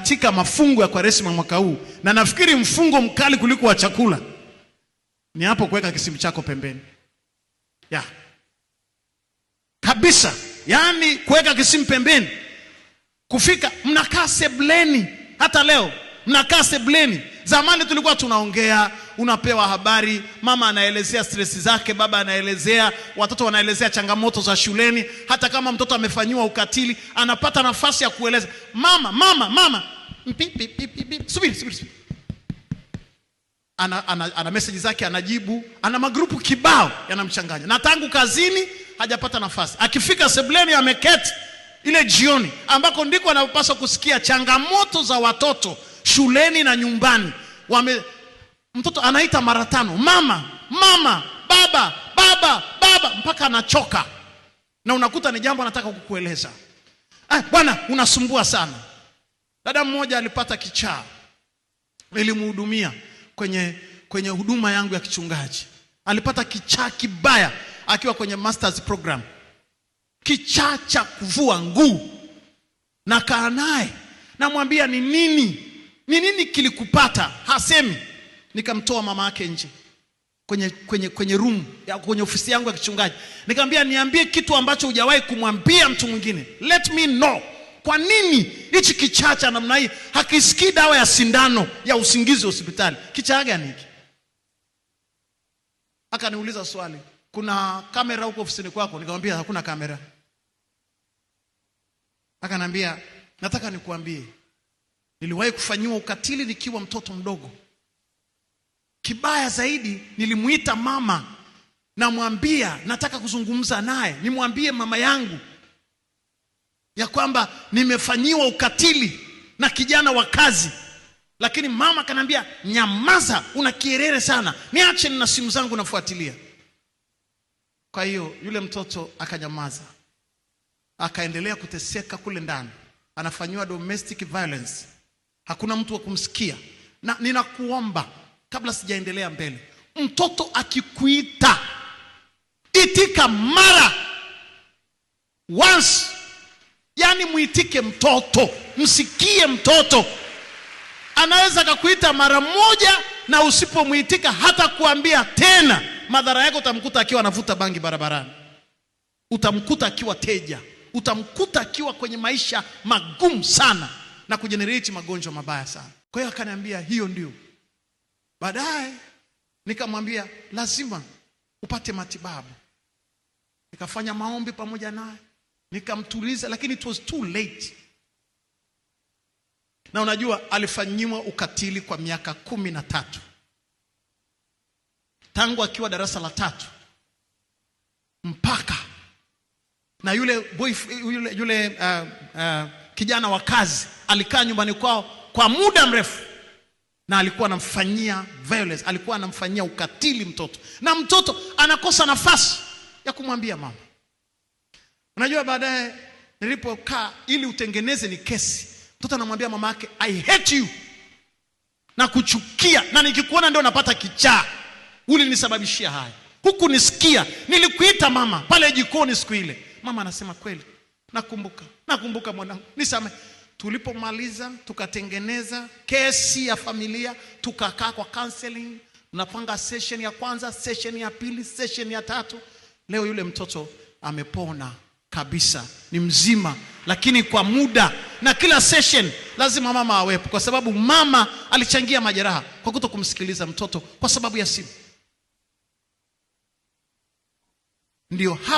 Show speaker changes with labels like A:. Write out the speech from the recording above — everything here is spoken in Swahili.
A: katika mafungo ya Kwaresima mwaka huu, na nafikiri mfungo mkali kuliko wa chakula ni hapo kuweka kisimu chako pembeni ya kabisa, yaani kuweka kisimu pembeni, kufika mnakaa sebleni. Hata leo mnakaa sebleni Zamani tulikuwa tunaongea, unapewa habari, mama anaelezea stresi zake, baba anaelezea, watoto wanaelezea changamoto za shuleni. Hata kama mtoto amefanyiwa ukatili, anapata nafasi ya kueleza, mama, mama, mama, subiri, subiri, subiri. Ana, ana, ana meseji zake, anajibu, ana magrupu kibao yanamchanganya, na tangu kazini hajapata nafasi. Akifika sebuleni, ameketi ile jioni ambako ndiko anapaswa kusikia changamoto za watoto shuleni na nyumbani wame mtoto anaita mara tano mama mama baba baba baba mpaka anachoka na unakuta ni jambo anataka kukueleza ah, bwana unasumbua sana dada mmoja alipata kichaa nilimhudumia kwenye kwenye huduma yangu ya kichungaji alipata kichaa kibaya akiwa kwenye masters program kichaa cha kuvua nguu na kaa naye namwambia ni nini ni nini kilikupata? Hasemi. Nikamtoa mama yake nje kwenye, kwenye, kwenye room ya kwenye ofisi yangu ya kichungaji, nikamwambia niambie kitu ambacho hujawahi kumwambia mtu mwingine, let me know. Kwa nini hichi kichaa cha namna hii hakisikii dawa ya sindano ya usingizi hospitali? Kichaa gani hiki? Akaniuliza swali, kuna kamera huko ofisini kwako? Nikamwambia hakuna kamera. Akanambia nataka nikuambie Niliwahi kufanyiwa ukatili nikiwa mtoto mdogo. Kibaya zaidi, nilimwita mama, namwambia nataka kuzungumza naye, nimwambie mama yangu ya kwamba nimefanyiwa ukatili na kijana wa kazi, lakini mama akaniambia, nyamaza, una kierere sana, niache, nina simu zangu nafuatilia. Kwa hiyo yule mtoto akanyamaza, akaendelea kuteseka kule ndani, anafanyiwa domestic violence hakuna mtu wa kumsikia. Na ninakuomba kabla sijaendelea mbele, mtoto akikuita itika mara once, yani mwitike mtoto, msikie mtoto. Anaweza akakuita mara moja, na usipomwitika hata kuambia tena, madhara yake utamkuta akiwa anavuta bangi barabarani, utamkuta akiwa teja, utamkuta akiwa kwenye maisha magumu sana na kujenereti magonjwa mabaya sana. Kwa hiyo akaniambia hiyo ndio. Baadaye nikamwambia lazima upate matibabu. Nikafanya maombi pamoja naye, nikamtuliza, lakini it was too late. Na unajua alifanyiwa ukatili kwa miaka kumi na tatu tangu akiwa darasa la tatu mpaka na yule boyfriend, yule, yule uh, uh, kijana wa kazi alikaa nyumbani kwao kwa muda mrefu na alikuwa anamfanyia violence, alikuwa anamfanyia ukatili mtoto, na mtoto anakosa nafasi ya kumwambia mama. Unajua, baadaye nilipokaa ili utengeneze ni kesi, mtoto anamwambia mama yake I hate you, na kuchukia, na nikikuona ndio napata kichaa, ulinisababishia haya, huku nisikia, nilikuita mama pale jikoni siku ile. Mama anasema kweli Nakumbuka, nakumbuka mwanangu, nisamehe. Tulipomaliza tukatengeneza kesi ya familia, tukakaa kwa counseling, napanga session ya kwanza, session ya pili, session ya tatu. Leo yule mtoto amepona kabisa, ni mzima, lakini kwa muda. Na kila session lazima mama awepo, kwa sababu mama alichangia majeraha kwa kuto kumsikiliza mtoto kwa sababu ya simu. Ndio hapa